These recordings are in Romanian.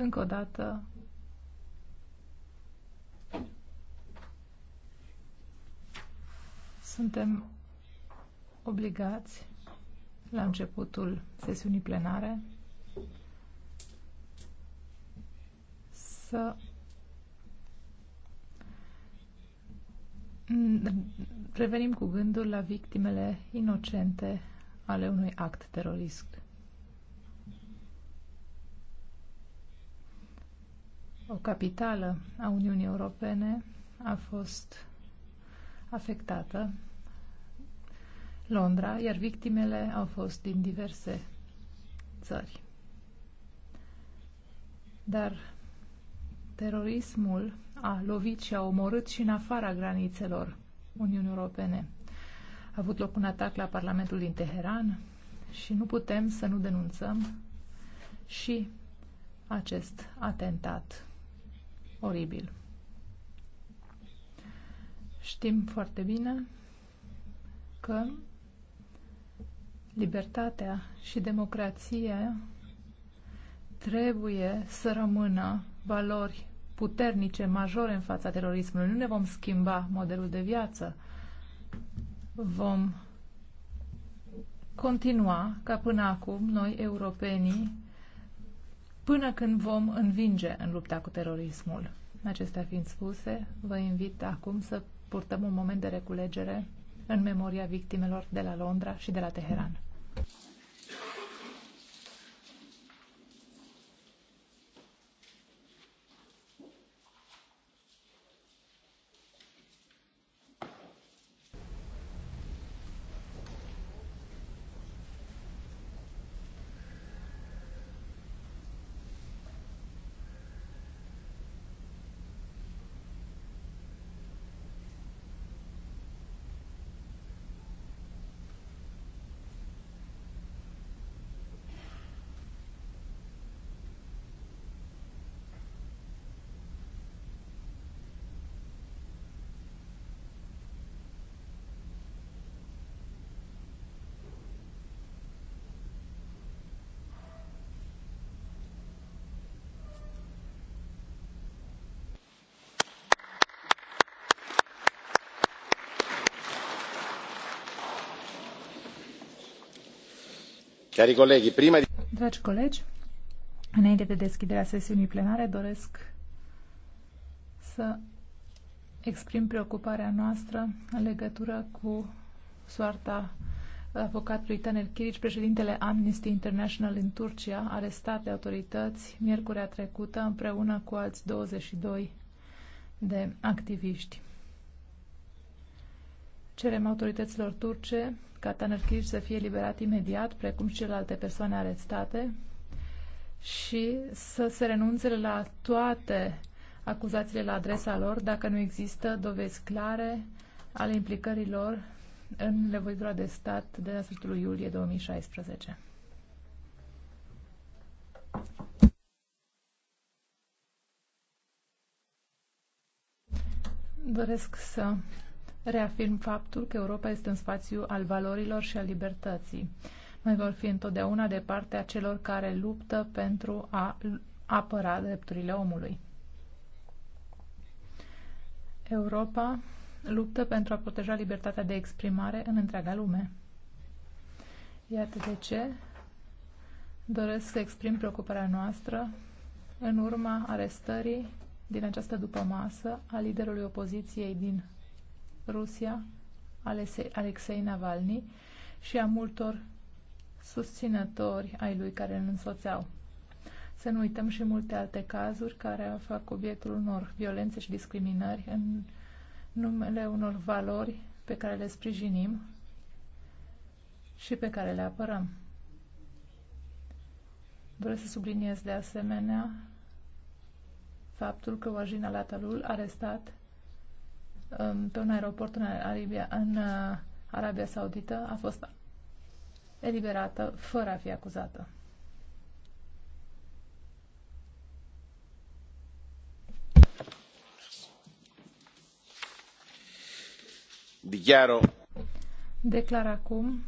Încă o dată. Suntem obligați la începutul sesiunii plenare să revenim cu gândul la victimele inocente ale unui act terorist. o capitală a Uniunii Europene, a fost afectată, Londra, iar victimele au fost din diverse țări. Dar terorismul a lovit și a omorât și în afara granițelor Uniunii Europene. A avut loc un atac la Parlamentul din Teheran și nu putem să nu denunțăm și acest atentat oribil. Știm foarte bine că libertatea și democrația trebuie să rămână valori puternice, majore în fața terorismului. Nu ne vom schimba modelul de viață. Vom continua ca până acum noi, europenii, până când vom învinge în lupta cu terorismul. Acestea fiind spuse, vă invit acum să purtăm un moment de reculegere în memoria victimelor de la Londra și de la Teheran. Cari colegi, prima... Dragi colegi, înainte de deschiderea sesiunii plenare, doresc să exprim preocuparea noastră în legătură cu soarta avocatului Taner Kiric, președintele Amnesty International în Turcia, arestat de autorități miercurea trecută împreună cu alți 22 de activiști. Cerem autorităților turce ca Tanerchiriș să fie liberat imediat, precum și celelalte persoane arestate, și să se renunțe la toate acuzațiile la adresa lor dacă nu există dovezi clare ale implicărilor în levoitura de stat de la sfârșitul iulie 2016. Doresc să reafirm faptul că Europa este un spațiu al valorilor și al libertății. Noi vor fi întotdeauna de partea celor care luptă pentru a apăra drepturile omului. Europa luptă pentru a proteja libertatea de exprimare în întreaga lume. Iată de ce doresc să exprim preocuparea noastră în urma arestării din această dupămasă a liderului opoziției din Rusia, Alexei Navalny și a multor susținători ai lui care îl însoțeau. Să nu uităm și multe alte cazuri care fac obiectul unor violențe și discriminări în numele unor valori pe care le sprijinim și pe care le apărăm. Vreau să subliniez de asemenea faptul că Wajin Alatalul, arestat Um, pe un aeroport în Arabia, în uh, Arabia Saudită a fost eliberată fără a fi acuzată. Dichiaro. Declar acum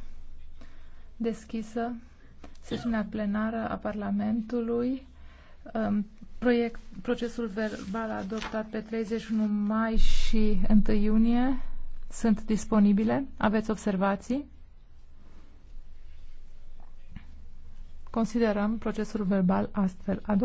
deschisă sesiunea plenară a Parlamentului. Um, proiect, procesul verbal adoptat pe 31 mai și și 1 iunie sunt disponibile. Aveți observații? Considerăm procesul verbal astfel adoptat.